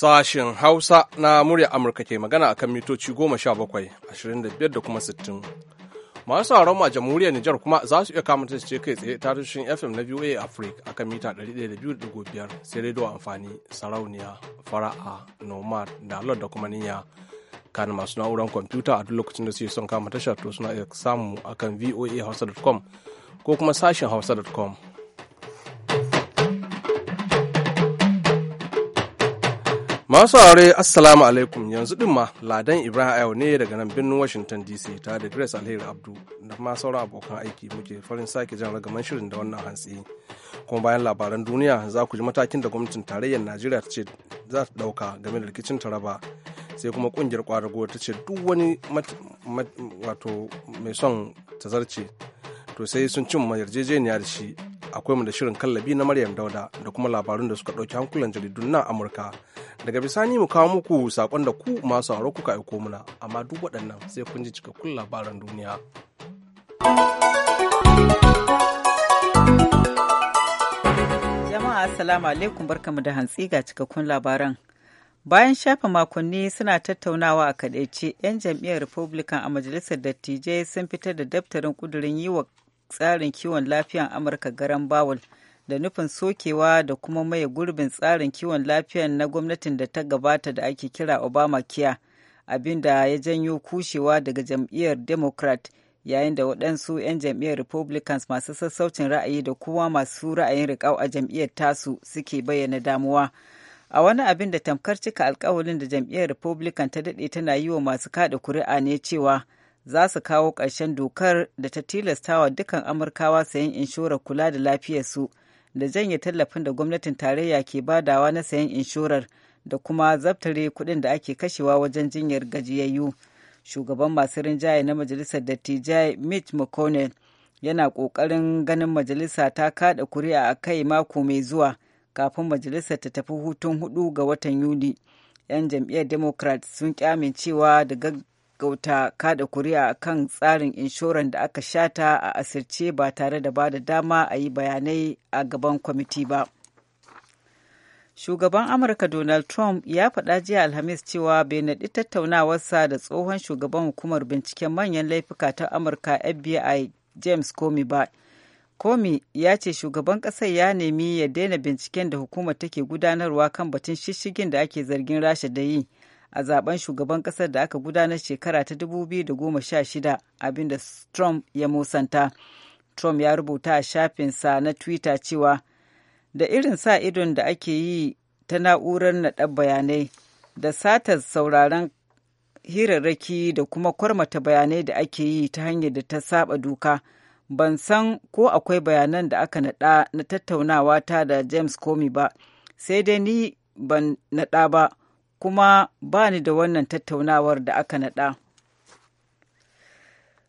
Sashen Hausa na murya Amurka ke magana a kan mitoci 17,25 da kuma 60. Masu sauran a jamhuriyar Nijar kuma za su iya kamata su ce kai tsaye ta FM na VOA Africa a kan mita 102.5 sai rediyo amfani sarauniya fara'a nomad da da kuma niyya kan masu na'urar kwamfuta a duk lokacin da suke son kama tashar to suna iya samu akan kan voahausa.com ko kuma sashen hausa.com Masu aure Assalamu alaikum yanzu din ma Ladan Ibrahim Ayo ne daga nan birnin Washington DC ta da Grace Alheri Abdu da ma sauran abokan aiki muke farin sake jan ragaman shirin da wannan hantsi. Kuma bayan labaran duniya za ku ji matakin da gwamnatin tarayyar Najeriya ta ce za ta ɗauka game da rikicin Taraba. Sai kuma kungiyar kwadago ta ce duk wani wato mai son tazarce to sai sun cin yarjejeniya da shi akwai mu da shirin kallabi na Maryam Dauda da kuma labarun da suka ɗauki hankulan jaridun nan Amurka. daga bisani mu kawo muku sakon da ku masu haro kuka aiko muna amma duk waɗannan sai kun ji cikakkun labaran duniya jama'a assalamu alaikum barkamu da hantsi ga cikakkun labaran bayan shafa makonni suna tattaunawa a kadaice 'yan jam'iyyar republican a majalisar dattijai sun fitar da daftarin ƙudurin yi wa tsarin kiwon lafiyan amurka garan bawul da nufin sokewa da kuma mai gurbin tsarin kiwon lafiya na gwamnatin da ta gabata da ake kira Obamacare, abin da ya janyo kushewa daga jam'iyyar Democrat yayin da waɗansu 'yan jam'iyyar Republicans masu sassaucin ra'ayi da kuma masu ra'ayin riƙau a jam'iyyar tasu suke bayyana damuwa. A wani abin da tamkar cika alkawalin da jam'iyyar Republican ta daɗe tana yi wa masu kaɗa kuri'a ne cewa za su kawo ƙarshen dokar da ta tilastawa dukkan Amurkawa sayan inshorar kula da lafiyarsu. su. da janye tallafin da gwamnatin tarayya ke badawa na sayan inshorar da kuma zabtare kuɗin da ake kashewa wajen jinyar gajiyayyu shugaban masu rinjaye na majalisar dattijai mitch mcconnell yana ƙoƙarin ganin majalisa ta kaɗa kuri'a a kai mako mai zuwa kafin majalisar ta tafi hutun hudu ga watan yuli 'yan jam'iyyar democrat sun kyamin cewa gaggauta kada kuri'a kan tsarin inshoran da aka shata a asirce ba tare da ba da dama a yi bayanai a gaban kwamiti ba. Shugaban Amurka Donald Trump ya faɗa jiya Alhamis cewa bai naɗi tattaunawarsa da tsohon shugaban hukumar binciken manyan laifuka ta Amurka FBI James Comey ba. komi ya ce shugaban ƙasar ya nemi ya daina binciken da hukumar take gudanarwa kan batun shishigin da ake zargin Rasha da yi. a zaben shugaban kasar da aka gudanar shekara ta 2016 abinda Trump ya musanta. Trump ya rubuta a shafinsa na Twitter cewa da irin sa idon da ake yi ta na'urar naɗar bayanai da satar sauraron hirarraki da kuma kwarmata bayanai da ake yi ta hanyar da ta saba doka. ban san ko akwai bayanan da aka naɗa na tattaunawa ta da James Comey ba, sai dai ni ban naɗa ba kuma ba ni da wannan tattaunawar da aka naɗa.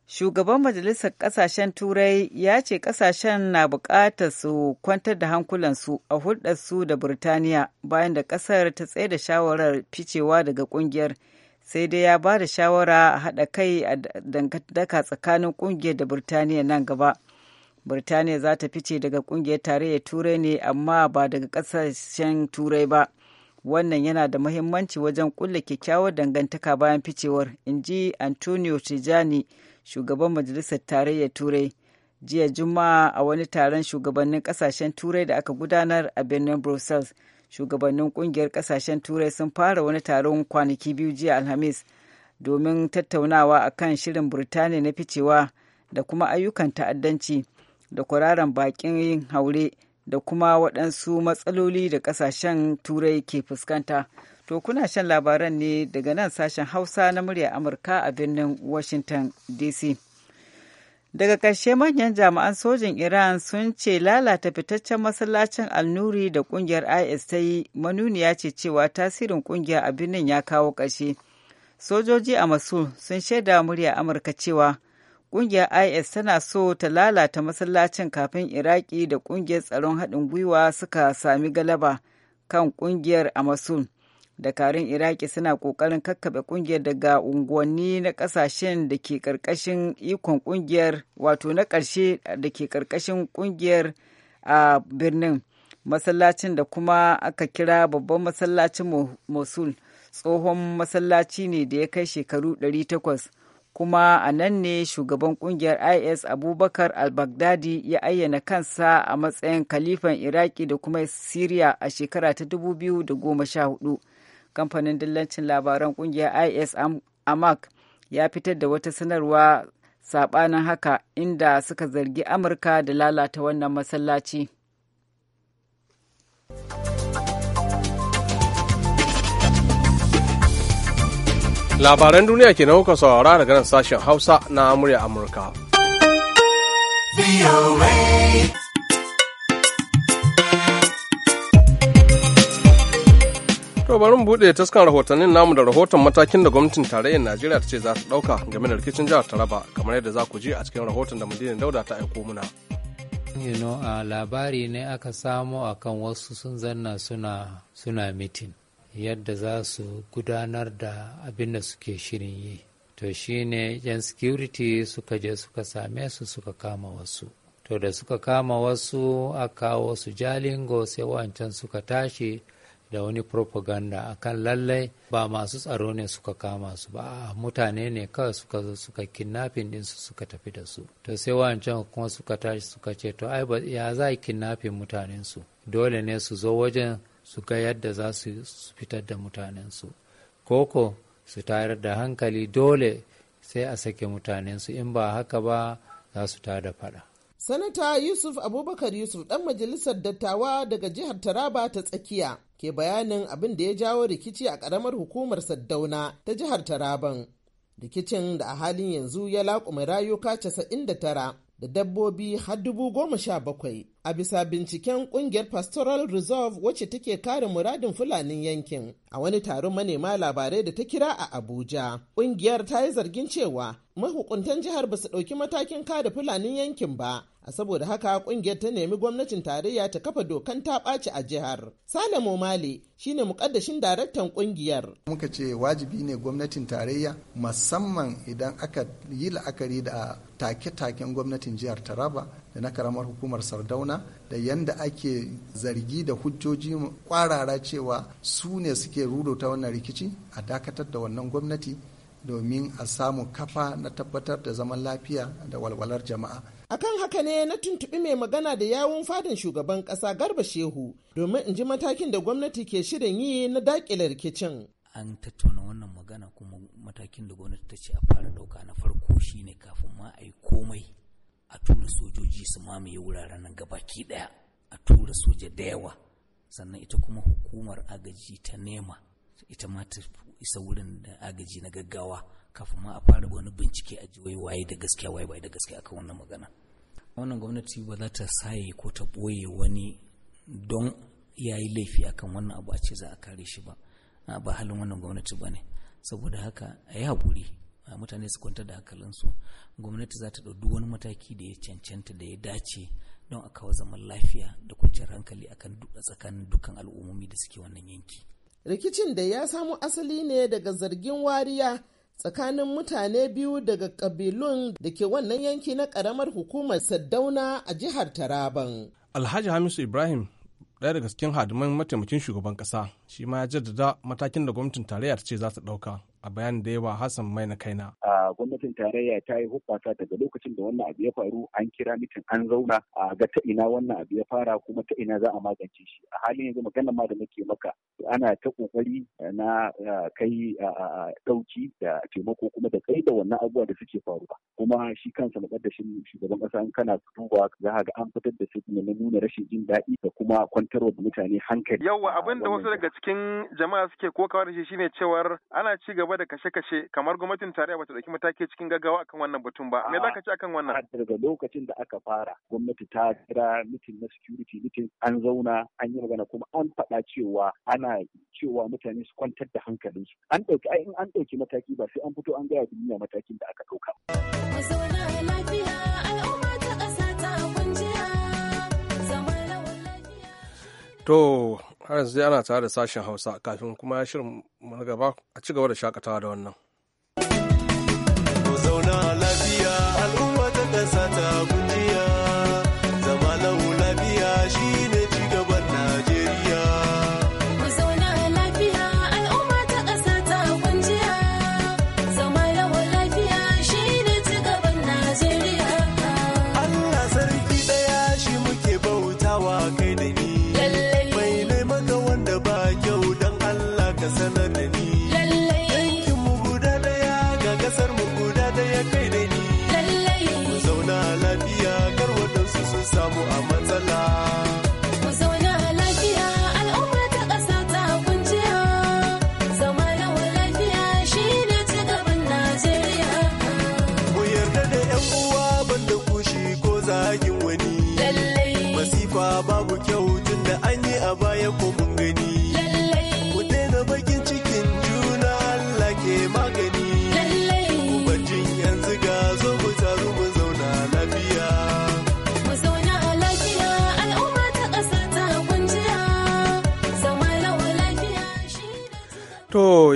Shugaban Majalisar Ƙasashen Turai ya ce ƙasashen na buƙatar su kwantar da hankulansu a hulɗarsu da Burtaniya bayan da ƙasar ta tsaye da shawarar ficewa daga ƙungiyar sai dai ya ba da shawara a haɗa kai a dangantaka tsakanin ƙungiyar da Burtaniya nan gaba. Burtaniya za ta fice daga ƙungiyar tarayyar Turai ne amma ba daga ƙasashen Turai ba. wannan yana da mahimmanci wajen kulle kyakkyawar dangantaka bayan ficewar in ji antonio tijani shugaban majalisar tarayyar turai jiya juma'a a wani taron shugabannin kasashen turai da aka gudanar a birnin brussels shugabannin kungiyar kasashen turai sun fara wani taron kwanaki biyu jiya alhamis domin tattaunawa a kan shirin burtaniya na ficewa da kuma ayyukan ta'addanci da kwararan bakin haure da kuma waɗansu matsaloli da ƙasashen turai ke fuskanta. To kuna shan labaran ne daga nan sashen Hausa na murya Amurka a birnin Washington DC. Daga ƙarshe manyan jami'an sojin Iran sun ce lalata fitaccen masallacin Alnuri da ƙungiyar IS ta yi manuniya ce cewa tasirin ƙungiya a birnin ya kawo ƙarshe. Sojoji a Masul sun shaida murya Amurka cewa ƙungiyar is tana so ta lalata masallacin kafin iraki da ƙungiyar tsaron haɗin gwiwa suka sami galaba kan ƙungiyar amasun dakarun iraki suna ƙoƙarin kakkaɓe ƙungiyar daga unguwanni na ƙasashen da ke ƙarƙashin ikon ƙungiyar wato na ƙarshe da ke ƙarƙashin ƙungiyar a birnin masallacin da kuma aka kira babban masallacin mosul tsohon masallaci ne da ya kai shekaru 800 kuma a nan ne shugaban kungiyar is abubakar al-baghdadi ya ayyana kansa a matsayin kalifan iraki da kuma syria a shekara ta 2014 kamfanin dillancin labaran kungiyar is amak ya fitar da wata sanarwa sabanin haka inda suka zargi amurka da lalata wannan masallaci. Labaran duniya ke kuka saurara daga nan sashen Hausa na murya Amurka. To bari mu buɗe taskan rahotannin namu da rahoton matakin da gwamnatin tarayyar Najeriya ta ce za ta ɗauka game da rikicin jihar Taraba kamar yadda za ku ji a cikin rahoton da Madina Dauda ta aiko muna. labari ne aka samo akan wasu sun zanna suna mitin. yadda za su gudanar da abin da suke shirin yi to shi ne yan security suka je suka same su suka kama wasu to da suka kama wasu a kawo su jalingo sai wancan suka tashi da wani propaganda A kan lallai ba masu tsaro ne suka kama su ba mutane ne kawai suka zo suka kidnapping din su suka tafi da su to sai wancan kuma suka tashi suka ce to ai ya za kidnapping mutanen su dole ne su zo wajen su ga yadda za su fitar da mutanensu koko su tayar da hankali dole sai a sake mutanensu in ba haka ba za su tada fada sanata yusuf abubakar yusuf dan majalisar dattawa daga jihar taraba ta tsakiya ke bayanin abin da ya jawo rikici a karamar hukumar saddauna ta jihar taraban rikicin da a halin yanzu ya laƙume rayuka 99 da dabbobi har dubu goma sha bakwai a bisa binciken kungiyar pastoral reserve wacce take kare muradin fulanin yankin a wani taron manema labarai da ta kira a abuja kungiyar ta yi zargin cewa mahukuntan jihar ba su ɗauki matakin kare fulanin yankin ba a saboda haka kungiyar ta nemi gwamnatin tarayya ta kafa dokan ta ɓaci a jihar salamu mali shine mukaddashin daraktan kungiyar muka ce wajibi ne gwamnatin tarayya musamman idan aka yi la'akari da take-taken gwamnatin jihar taraba da na karamar hukumar sardauna gudana da yanda ake zargi da hujjoji kwarara cewa su ne suke ruruta wannan rikici a dakatar da wannan gwamnati domin a samu kafa na tabbatar da zaman lafiya da walwalar jama'a. Akan haka ne na tuntuɓi mai magana da yawun fadin shugaban ƙasa Garba Shehu domin in ji matakin da gwamnati ke shirin yi na dakile rikicin. An tattauna wannan magana kuma matakin da gwamnati ta ce a fara ɗauka na farko shine kafin ma a yi komai a tura sojoji su mamaye wuraren nan gabaki daya a tura soja da yawa sannan ita kuma hukumar agaji ta nema ita ma ta isa wurin da agaji na gaggawa kafin ma a fara wani bincike a ji waye da gaskiya waye bai da gaskiya akan wannan magana wannan gwamnati ba za ta saye ko ta boye wani don ya yi laifi akan wannan abu a ce za a kare shi ba ba halin wannan gwamnati ba ne saboda haka a yi haƙuri mutane su kwantar da hankalinsu gwamnati za ta ɗau wani mataki da ya cancanta da ya dace don a kawo zaman lafiya da kwanciyar hankali a tsakanin dukkan al'ummomi da suke wannan yanki rikicin da ya samo asali ne daga zargin wariya tsakanin mutane biyu daga kabilun da ke wannan yanki na karamar hukumar saddauna a jihar taraban alhaji hamisu ibrahim daya daga cikin hadiman mataimakin shugaban ƙasa shi ma ya jaddada matakin da gwamnatin tarayya ta ce za ta ɗauka a bayan da yawa Hassan mai na kaina. A gwamnatin tarayya ta yi hubbasa daga lokacin da wannan abu ya faru an kira mitin an zauna a ga ta ina wannan abu ya fara kuma ta ina za a magance shi. A halin yanzu maganar ma da nake maka ana ta kokari eh, na eh, kai dauki da taimako kuma da kai da wannan abubuwa da suke faruwa. Kuma shi kansa makaddashin shugaban kasa in kana duba za ga an fitar da su na nuna rashin jin daɗi da kuma kwantarwa da mutane hankali. Yawwa abin da wasu daga cikin jama'a suke kokawa da shi shine cewar ana ci gaba gaba da kashe-kashe kamar gwamnatin tarayya bata dauki mataki cikin gaggawa akan wannan batun ba me zaka ce akan wannan daga lokacin da aka fara gwamnati ta kira mitin na security mitin an zauna an yi magana kuma an faɗa cewa ana cewa mutane su kwantar da hankalinsu an ɗauki ai in an ɗauki mataki ba sai an fito an gaya duniya matakin da aka ɗauka. To har yanzu ana tare da sashen hausa kafin kuma ya shirin gaba a ci gaba da shakatawa da wannan.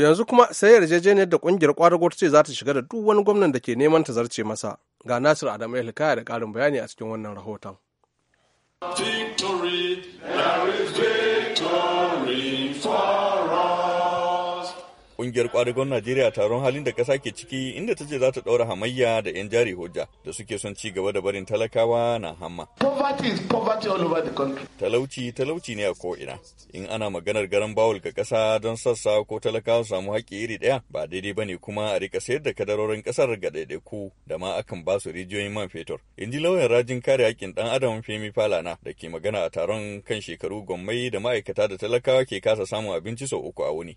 yanzu kuma sai yarjejeniyar da kungiyar kwadago ce za ta shiga da duk wani gwamnan da ke neman ta zarce masa ga nasir adamu ilkaya da karin bayani a cikin wannan rahoton victory there is victory for Ƙungiyar kwadagon Najeriya taron halin da ƙasa ke ciki inda ta ce za ta ɗaura hamayya da 'yan jari hujja da suke son ci gaba da barin talakawa na hamma. Talauci talauci ne a ko'ina. In ana maganar garan bawul ga ƙasa don sassa ko talakawa samu haƙƙi iri ɗaya ba daidai ba ne kuma a rika sayar da kadarorin ƙasar ga ɗaiɗaiku da ma akan ba su rijiyoyin man fetur. In ji lauyan rajin kare haƙƙin ɗan adam Femi Falana da ke magana a taron kan shekaru gwammai da ma'aikata da talakawa ke kasa samun abinci sau uku a wuni.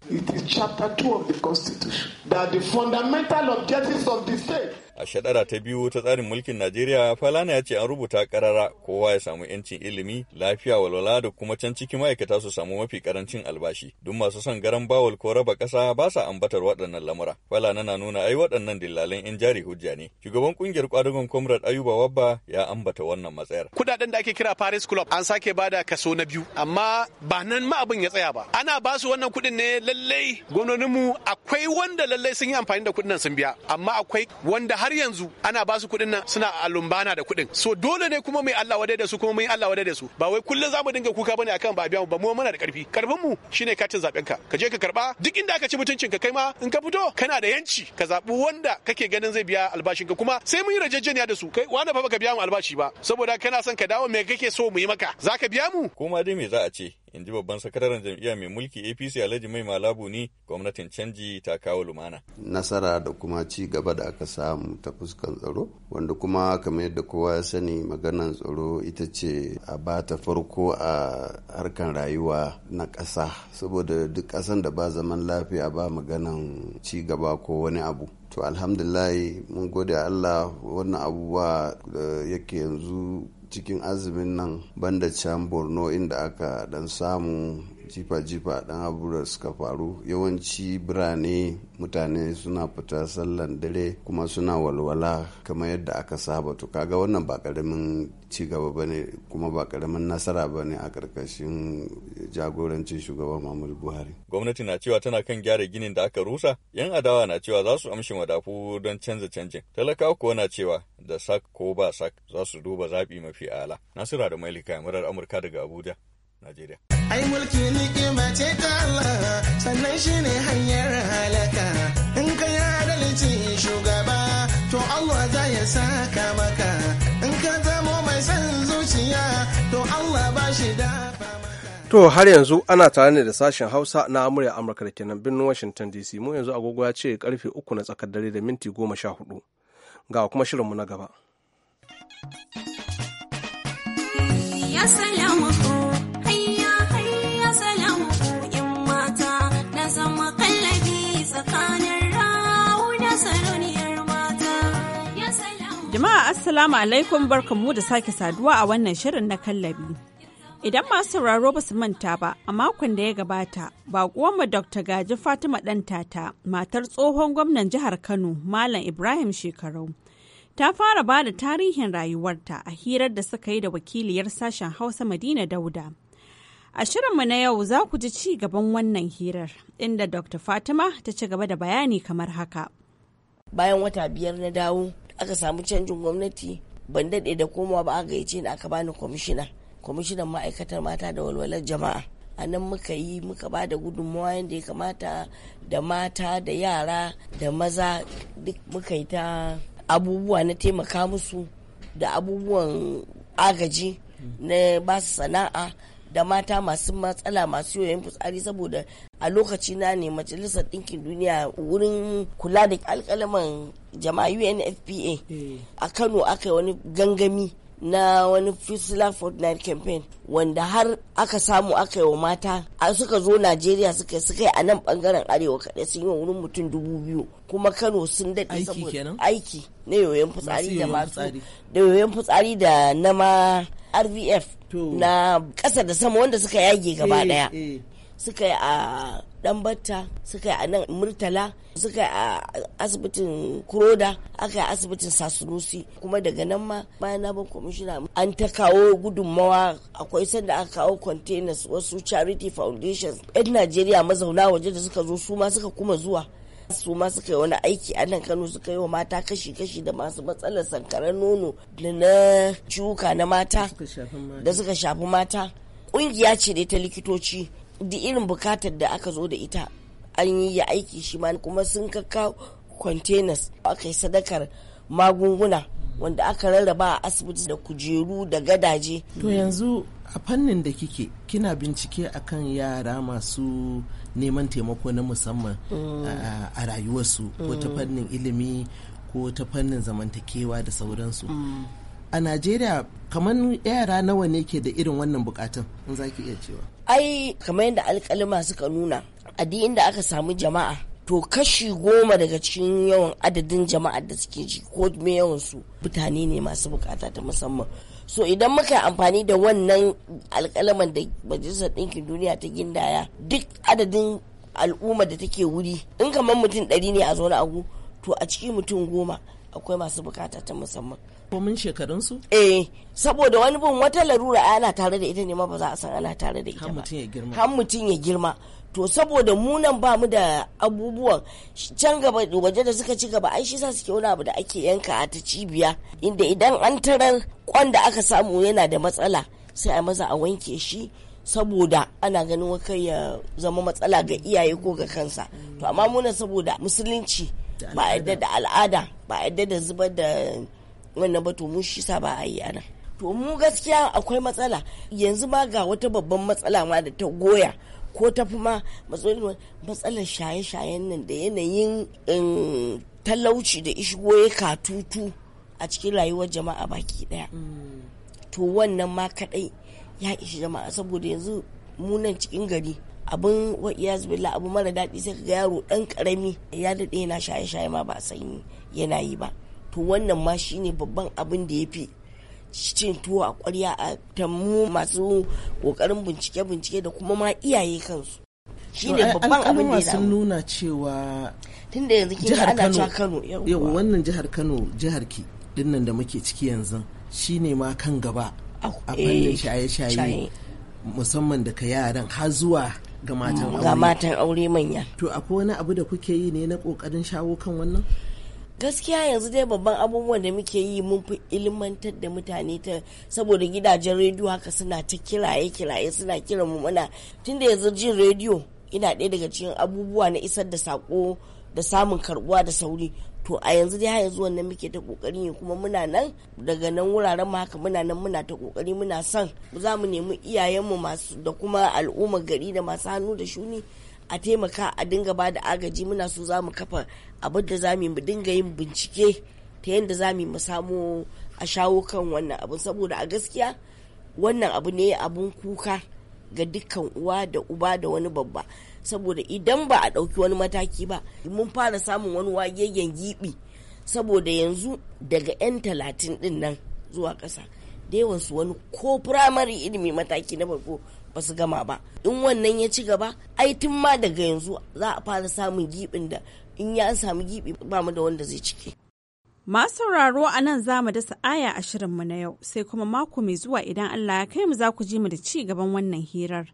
of the Constitution that the fundamental objectives of the state a shadara ta biyu ta tsarin mulkin najeriya falana ya ce an rubuta karara kowa ya samu yancin ilimi lafiya walwala da kuma can ciki ma'aikata su samu mafi karancin albashi duk masu son garan bawal ko raba kasa ba sa ambatar waɗannan lamura falana na nuna ai waɗannan dillalan yan jari hujja ne shugaban kungiyar kwadugon comrade ayuba wabba ya ambata wannan matsayar kudaden da ake kira paris club an sake bada kaso na biyu amma ba nan ma abin ya tsaya ba ana ba su wannan kuɗin ne lallai mu akwai wanda lallai sun yi amfani da kuɗin sun biya amma akwai wanda har har yanzu ana ba su kuɗin nan suna alumbana da kuɗin so dole ne kuma mai Allah wadai da su kuma mai Allah wadai da su ba wai kullum zamu dinga kuka bane akan ba biya mu ba mu muna da karfi karfin mu shine katin zaben ka ka je ka karba duk inda ka ci mutuncin ka kai ma in ka fito kana da yanci ka zabi wanda kake ganin zai biya albashin ka kuma sai mun yi rajajjeniya da su kai wanda fa baka biya mu albashi ba saboda kana son ka dawo me kake so mu yi maka zaka biya mu kuma dai me za a ce in ji babban sakataren jam'iyya mai mulki apc alhaji mai malabu ne gwamnatin canji ta kawo lumana nasara da kuma ci gaba da aka samu ta fuskan tsaro wanda kuma kamar yadda kowa ya sani maganan tsaro ita ce a ba ta farko a harkan rayuwa na ƙasa saboda duk ƙasan da ba zaman lafiya ba maganan ci gaba ko wani abu to alhamdulillah mun gode allah wannan abubuwa da yake yanzu cikin azumin nan banda can borno inda aka dan samu jifa-jifa dan abubuwa suka faru yawanci birane mutane suna fita sallan dare kuma suna walwala kamar yadda aka saba to kaga wannan ba karamin ci gaba ne kuma ba karamin nasara ba ne a karkashin jagorancin shugaban Muhammadu Buhari gwamnati na cewa tana kan gyara ginin da aka rusa yan adawa na cewa za su amshi wadafu don canza canjin talakawa kuwa na cewa da sak ko ba sak za su duba zaɓi mafi ala nasira da mailika murar amurka daga abuja Najeriya. Ai mulki ni'ima ce ta Allah sannan shi ne hanyar halaka in ka yi adalci shugaba to Allah za ya saka maka in ka zamo mai san zuciya to Allah ba shi da To har yanzu ana tare ne da sashen Hausa na murya Amurka da kenan birnin Washington DC mu yanzu agogo ya ce karfe uku na tsakar dare da minti goma sha hudu ga kuma shirinmu na gaba. Ya salamu Jama'a Assalamu alaikum barkanmu da sake saduwa a wannan shirin na kallabi. Idan masu sauraro ba su manta ba, a makon da ya gabata, baƙuwanmu Dr. Gaji Fatima Ɗantata, matar tsohon gwamnan jihar Kano, Malam Ibrahim Shekarau. Ta fara ba da tarihin rayuwarta a hirar da suka yi da wakiliyar sashen Hausa Madina Dauda. A shirinmu na yau za ku ji ci gaban wannan hirar, inda Dr. Fatima ta ci gaba da bayani kamar haka. Bayan wata biyar na dawo, aka samu canjin gwamnati ban daɗe da komawa ba a gayyace ni aka bani kwamishina kwamishinan ma'aikatar mata da walwalar jama'a a nan muka yi muka ba da gudunmawa yadda ya kamata da mata da yara da maza duk muka yi ta abubuwa na taimaka musu da abubuwan agaji na basu sana'a da mata masu matsala masu yoyon fitsari saboda a lokaci na ne majalisar ɗinkin duniya wurin kula da alkalaman jama'a unfpa eh. a kano aka yi wani gangami na wani Fusila Fortnite campaign wanda har aka samu aka yi wa mata suka zo Najeriya suka suka yi a nan bangaren arewa kaɗai sun yi wurin mutum dubu biyu kuma Kano sun daɗe saboda aiki na yoyon fitsari da masu da yoyon fitsari da na RVF na ƙasa da sama wanda suka yage gaba daya. Eh, eh. suka yi a ɗanbatta suka yi a nan murtala suka yi a asibitin kuroda aka yi asibitin sasunusi kuma daga nan ma bayan na ban kwamishina an ta kawo gudunmawa akwai sanda aka kawo containers wasu charity foundations yan najeriya mazauna waje da suka zo su ma suka kuma zuwa su ma suka yi wani aiki a nan kano suka yi wa mata kashi-kashi da masu matsalar sankaran nono da na ciwuka na mata da suka shafi mata ƙungiya ce dai ta likitoci da irin bukatar da aka zo da ita an yi ya aiki shi ma kuma sun kakka containers aka yi sadakar magunguna wanda aka rarraba a asibiti da kujeru da gadaje. To yanzu a fannin da kike kina bincike akan yara masu neman taimako na musamman mm. a rayuwarsu ko ta mm. fannin ilimi ko ta fannin zamantakewa da sauransu. Mm. a najeriya kamar yara nawa ne ke da irin wannan bukatun in za ki iya cewa ai kamar yadda alkalima suka nuna a da inda aka samu jama'a to kashi goma daga cikin yawan adadin jama'a da suke ji ko me yawan su mutane ne masu bukata ta musamman so idan muka amfani da wannan alkalaman da majalisar ɗinkin duniya ta gindaya duk adadin al'umma da take wuri in kamar mutum ɗari ne a zaune agu to a ciki mutum goma akwai masu bukata ta musamman. Komin shekarun su. Eh, saboda wani bin wata larura ana tare da ita ne ma ba za a san ana tare da ita ba. Har mutum ya girma. Han mutum ya girma. To saboda munan ba mu da abubuwan can gaba waje da suka ci gaba ai shi sa suke wani abu da ake yanka a ta cibiya inda idan an tarar kwan da aka samu yana da matsala sai a maza a wanke shi saboda ana ganin wakai ya zama matsala ga iyaye ko ga kansa to amma muna saboda musulunci ba a yadda da al'ada ba a yadda da zubar da wannan ba to mu shi sa ba a yi ana to mu gaskiya akwai matsala yanzu ma ga wata babban matsala ma da ta goya ko ta fi ma matsalar shaye-shayen nan da yanayin um, talauci da ishigo ya katutu a cikin rayuwar jama'a baki daya mm. to wannan ma kadai ya ishi jama'a saboda yanzu munan cikin gari abin wa billah abu mara daɗi sai ga yaro ɗan ƙarami ya daɗe yana shaye shaye ma ba a san yana yi ba to wannan ma shine babban abin da ya fi cin tuwo a ƙwarya a tammu masu ƙoƙarin bincike bincike da kuma ma iyaye kansu shine babban abin da ya sun nuna cewa da yanzu kin ana Kano yawa wannan jihar Kano jihar ki dinnan da muke ciki yanzu shine ma kan gaba a fannin eh, shaye-shaye musamman daga yaran har zuwa ga matan aure manya to akwai wani abu da kuke yi ne na kokarin shawo kan wannan gaskiya yanzu dai babban abubuwan da muke yi mun fi ilmantar da mutane ta saboda gidajen rediyo haka suna ta kiraye kiraye suna kira mu muna tunda yanzu jin rediyo ina ɗaya daga cikin abubuwa na isar da sako da samun karbuwa da sauri to a yanzu dai har yanzu wannan muke ta kokari ne kuma muna nan daga nan wuraren mu haka muna nan muna ta kokari muna son za mu nemi iyayenmu masu da kuma al'ummar gari da masu hannu da shuni a taimaka a dinga ba da agaji muna so za mu kafa abin da za mu dinga yin bincike ta yadda za mu samu a shawo kan wannan abu saboda a gaskiya wannan abu ne abun kuka ga dukkan uwa da uba da wani babba saboda idan ba a ɗauki wani mataki ba mun fara samun wani wagegen giɓi saboda yanzu daga 'yan talatin ɗin nan zuwa ƙasa da su wani ko firamare ilimi mataki na farko ba su gama ba in wannan ya ci gaba ai tun ma daga yanzu za a fara samun giɓin da in ya samu giɓi ba mu da wanda zai cike Masu sauraro a nan za mu dasa aya shirinmu na yau sai kuma mako mai zuwa idan Allah ya kai mu za ku ji mu da ci gaban wannan hirar.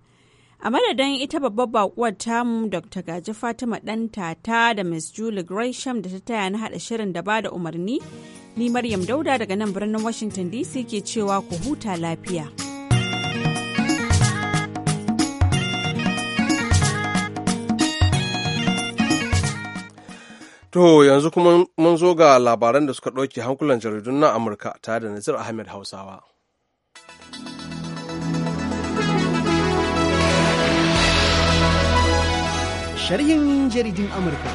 a madadin ita babbar bakuwar tamu dr gaji fatima dan tata da Ms. julie gresham da ta taya na haɗa shirin da ba da umarni ni maryam dauda daga nan birnin washington dc ke cewa ku huta lafiya. To yanzu kuma mun zo ga labaran da suka ɗauke hankulan jaridun na Amurka tare da Nazir Ahmed Hausawa. sharhin jaridin Amurka.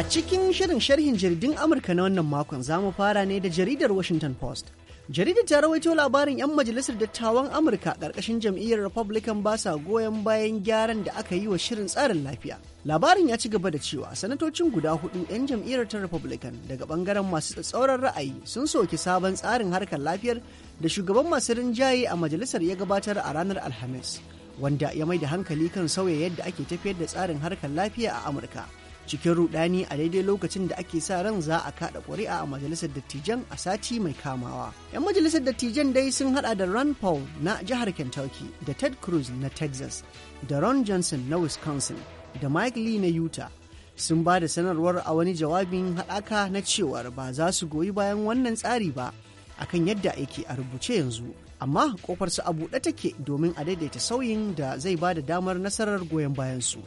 A cikin shirin sharhin jaridun Amurka na wannan makon za mu fara ne da jaridar Washington Post. jaridar ta rawaito labarin 'yan majalisar dattawan amurka ƙarƙashin jam'iyyar republican ba sa goyon bayan gyaran da aka yi wa shirin tsarin lafiya labarin ya ci gaba da cewa sanatocin guda hudu 'yan jam'iyyar ta republican daga bangaren masu tsatsauran ra'ayi sun soki sabon tsarin harkar lafiyar da shugaban masu rinjaye a majalisar ya gabatar a ranar alhamis wanda ya mai da hankali kan sauya yadda ake tafiyar da tsarin harkar lafiya a amurka cikin rudani a daidai lokacin da ake sa ran za a kada ƙuri'a a majalisar dattijan a sati mai kamawa. 'Yan majalisar dattijan dai sun hada da Rand Paul na jihar Kentucky da Ted Cruz na Texas da Ron Johnson na Wisconsin da Mike Lee na Utah. Sun ba da sanarwar a wani jawabin haɗaka na cewar ba za su goyi bayan wannan tsari ba akan yadda yake a rubuce yanzu. Amma kofar su a buɗe take domin a daidaita sauyin da zai ba da damar nasarar goyon bayansu.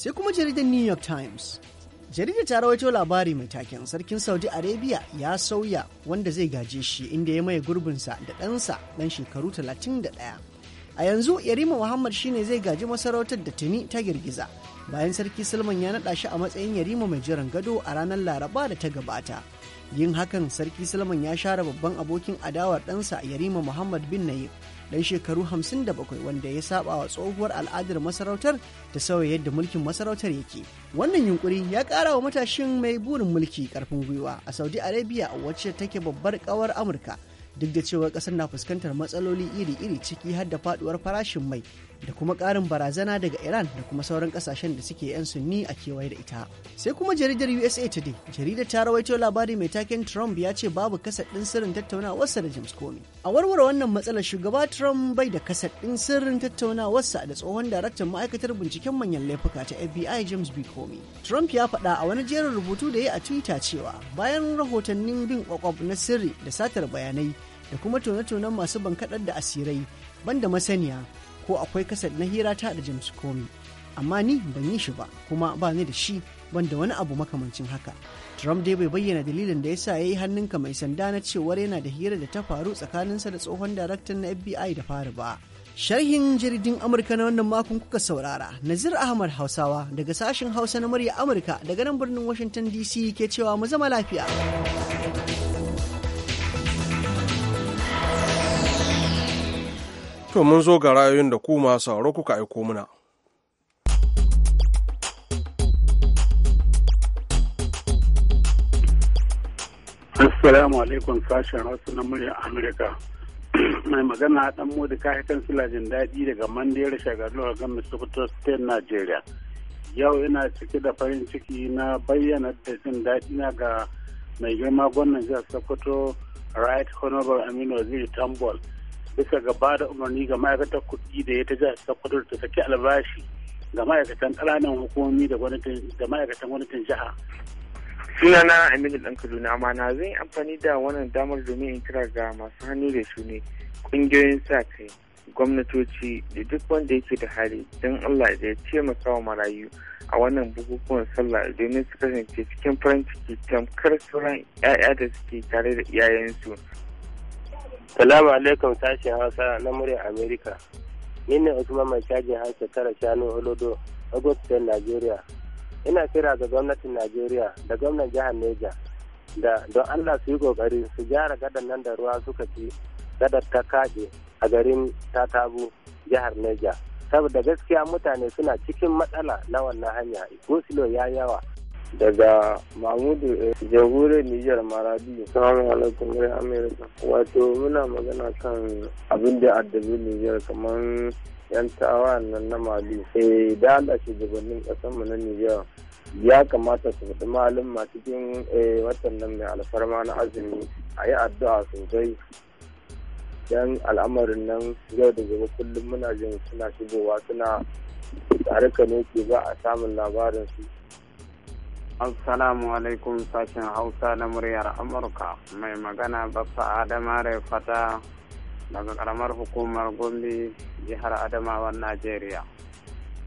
sai kuma jaridar new york times jaridar ta rawaito labari mai taken sarkin saudi arabia ya sauya wanda zai gaje shi inda ya maye gurbinsa da ɗansa ɗan shekaru 31 a yanzu yarima muhammad shine zai gaji masarautar da tuni ta girgiza bayan sarki salman ya naɗa shi a matsayin yarima mai jiran gado a ranar laraba da ta gabata yin hakan sarki salman ya share babban abokin adawar ɗansa yarima muhammad bin nayib dan shekaru 57 wanda ya saba wa tsohuwar al'adar masarautar ta sauya yadda mulkin masarautar yake wannan yunkuri ya kara wa matashin mai burin mulki karfin gwiwa a saudi arabia wacce take babbar kawar amurka duk da cewa kasar na fuskantar matsaloli iri-iri ciki har da faduwar farashin mai da kuma ƙarin barazana daga Iran da kuma sauran ƙasashen da suke 'yan sunni a kewaye da ita. Sai kuma jaridar USA Today, jaridar ta rawaito labari mai taken Trump ya ce babu kasad ɗin sirrin tattaunawarsa da James Comey. A warware wannan matsalar shugaba Trump bai da kasad ɗin sirrin tattaunawarsa da tsohon daraktan ma'aikatar binciken manyan laifuka ta FBI James B. Comey. Trump ya faɗa a wani jerin rubutu da ya a Twitter cewa bayan rahotannin bin kwakwab na sirri da satar bayanai da kuma tone-tonen masu bankaɗar da asirai banda masaniya ko akwai kaset na hira ta da James Comey amma ni ban yi shi ba kuma ba ni da shi ban da wani abu makamancin haka Trump dai bai bayyana dalilin da yasa ya yi hannunka mai sanda na cewar yana da hira da ta faru tsakaninsa da tsohon daraktan na FBI da fari ba. Sharhin jaridin Amurka na wannan makon kuka saurara, Nazir Ahmad Hausawa daga sashen Hausa na murya Amurka daga nan birnin Washington DC ke cewa mu zama lafiya. To mun zo ga ra'ayoyin da ku masu sauro kuka aiko muna. Assalamu alaikum sashen rasu na muryar Amurka. Mai magana ɗan modi kayan kan silajin daɗi daga Mandera Shagalu a gan Sokoto State Nigeria. Yau ina cike da farin ciki na bayyana da jin daɗi na ga mai girma gwamnan jihar Sokoto Right Honorable Aminu Waziri Tambol. bisa gaba da umarni ga ma'aikatar kuɗi da ya ta jihar sokoto ta saki albashi ga ma'aikatan ƙananan hukumomi da ma'aikatan gwamnatin jiha sunana aminu dan kaduna amma na zan yi amfani da wannan damar domin in kira ga masu hannu da su ne ƙungiyoyin sa kai gwamnatoci da duk wanda yake da hali don allah da ya taimaka wa marayu a wannan bukukuwan sallah domin su kasance cikin farin ciki tamkar sauran 'ya'ya da suke tare da iyayensu Salamu alaikum sashen Hausa na murya Amerika. Ni ne Usman mai cajin har shekara shanu Olodo, Ogun Najeriya. Ina kira ga gwamnatin Najeriya da gwamnan jihar Neja da don Allah su yi kokari su gyara gadar nan da ruwa suka ci gadar ta kaɗe a garin Tatabu, jihar Neja. Saboda gaskiya mutane suna cikin matsala na wannan hanya. Gosilo ya yawa. daga mahmudu eh, jamhuriyar nijar maradi salamu alaikum murai amerika wato muna magana kan abin da addabi nijar kamar yan tawa nan na mali eh da ala shugabannin kasar mu na nijar ya kamata su fita malin cikin eh, watan nan mai alfarma na azumi a yi addu'a sosai don al'amarin nan yau da gaba kullum muna jin suna shigowa suna tare ne ke ba a samun labarin su Assalamu alaikum sashen Hausa na muryar Amurka mai magana bafa Adamare Fata daga karamar hukumar Gombe jihar adamawa Najeriya.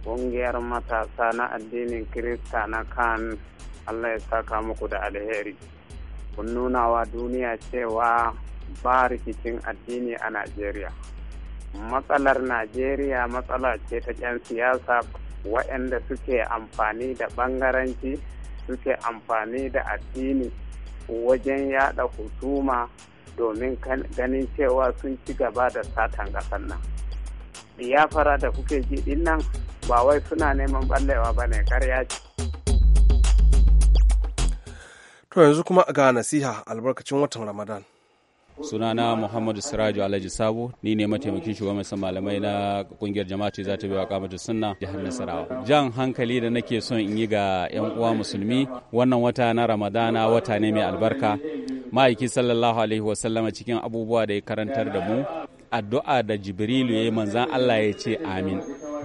Ƙungiyar matasa na addinin Kirista na kan Allah ya saka muku da alheri. Kun nuna wa duniya cewa ba rikicin addini a Najeriya. Matsalar Najeriya matsala ce ta 'yan siyasa waɗanda suke amfani da ɓangaranci. suke amfani da addini wajen yada hutuma domin ganin cewa sun ci gaba da satan kasan nan liyafara da kuke ji din nan ba wai suna neman ballewa ba ne karya ce to yanzu kuma ga nasiha albarkacin watan ramadan sunana muhammadu siraju alhaji sabo ni ne mataimakin shugaban malamai na kungiyar jama'a za ta biya kamar sunna jihar nasarawa jan hankali da nake son in yi ga yan uwa musulmi wannan wata na ramadana wata ne mai albarka ma'aiki sallallahu alaihi wasallama cikin abubuwa da ya karantar da mu addu'a da jibrilu ya yi manzan allah ya ce amin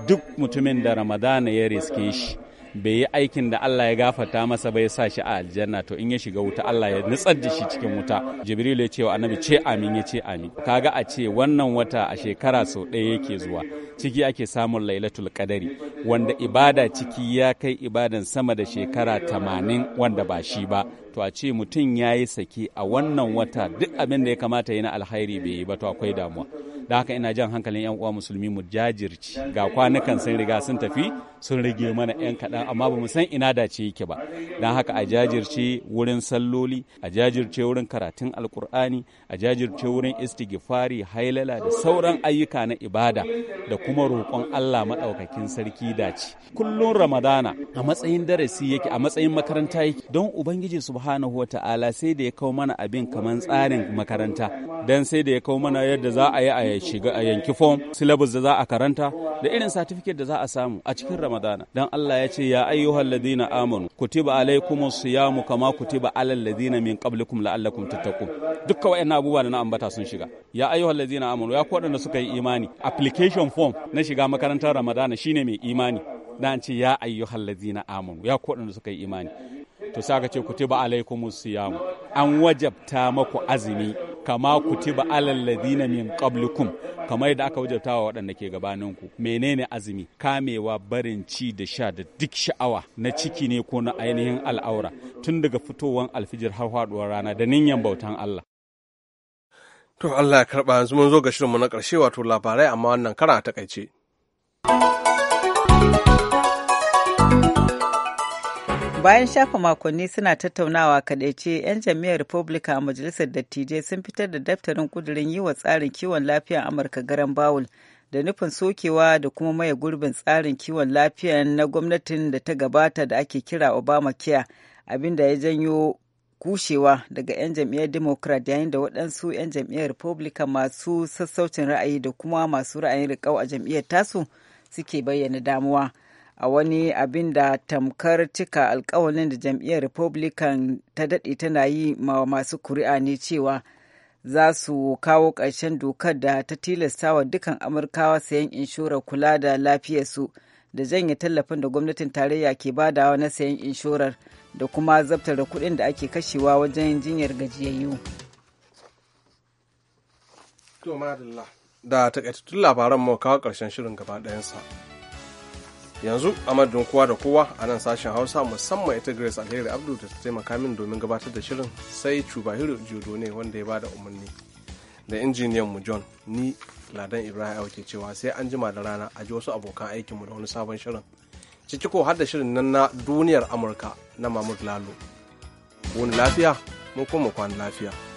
duk mutumin da ramadana ya riske shi bai yi aikin da Allah ya gafarta masa bai sa shi a aljanna to in ya shiga wuta Allah ya nutsar da shi cikin wuta jibril ya ce wa annabi ce amin ya ce amin kaga a ce wannan wata a shekara sau ɗaya yake zuwa ciki ake samun lailatul qadari wanda ibada ciki ya kai ibadan sama da shekara tamanin wanda ba shi ba to a ce mutum ya yi sake a wannan wata duk abin da ya kamata yi na alhairi bai yi ba to akwai damuwa da haka ina jan hankalin yan uwa musulmi mu jajirci ga kwanukan sun riga sun tafi sun rage mana yan kaɗan amma ba mu san ina dace yake ba don haka a jajirce wurin salloli a jajirce wurin karatun alkur'ani a jajirce wurin istighfari hailala da sauran ayyuka na ibada da kuma roƙon Allah maɗaukakin sarki dace kullum ramadana a matsayin darasi yake a matsayin makaranta yake don ubangiji subhanahu wa ta'ala sai da ya kawo mana abin kamar tsarin makaranta Don sai da ya kawo mana yadda za a yi a shiga a yanki form syllabus da za a karanta da irin certificate da za a samu a cikin ramadana dan Allah ya ce ya ayyuhal ladina amanu kutiba alaikumus siyamu kama kutiba alal ladina min qablikum la'allakum tattaqun dukkan wayannan abubuwa da na ambata sun shiga ya ayyuhal ladina amanu ya waɗanda suka yi imani application form na shiga makarantar ramadana shine mai imani dan ce ya ayyuhal ladina amanu ya waɗanda suka yi imani to sai ka ce kutiba alaikumus siyamu an wajabta maku azumi kama kutiba alal ladina min qablikum kamar da aka wajabta wa waɗanda ke ku menene azumi kamewa barin ci da sha da duk sha'awa na ciki ne ko na ainihin al'aura tun daga fitowar alfijir har faduwar rana da ninyan bautan Allah to Allah ya karba yanzu mun zo ga shirinmu na ƙarshe wato labarai amma wannan kara a takaice bayan shafa makonni suna tattaunawa kadaice 'yan jam'iyyar republican a majalisar dattijai sun fitar da daftarin kudirin yi wa tsarin kiwon lafiya amurka garan bawul da nufin sokewa da kuma maye gurbin tsarin kiwon lafiya na gwamnatin da ta gabata da ake kira obama obamacare abinda ya janyo kushewa daga 'yan jam'iyyar democrat yayin da waɗansu 'yan jam'iyyar republican masu sassaucin ra'ayi da kuma masu ra'ayin riƙau a jam'iyyar tasu suke bayyana damuwa. a wani abin da tamkar cika alkawalin da jam'iyyar republican ta daɗe tana yi ma masu kuri'a ne cewa za su kawo ƙarshen dokar da ta tilasta wa dukkan amurkawa sayan inshorar kula da lafiyarsu da janye tallafin da gwamnatin tarayya ke badawa na sayan inshorar da kuma zabtara kuɗin da ake kashewa wajen jinyar gajiyayyu. da takaitattun labaran mu kawo ƙarshen shirin gaba ɗayansa. yanzu a madadin kowa da kowa a nan sashen hausa musamman ita grace alheri abdul ta ta taimaka min domin gabatar da shirin sai cubahiru jodo ne wanda ya ba da umarni da injiniyan mu john ni ladan ibrahim ke cewa sai an jima da rana a ji wasu abokan aikinmu da wani sabon shirin ciki ko har da shirin nan na duniyar amurka na mahmud lalo wani lafiya mun kuma kwan lafiya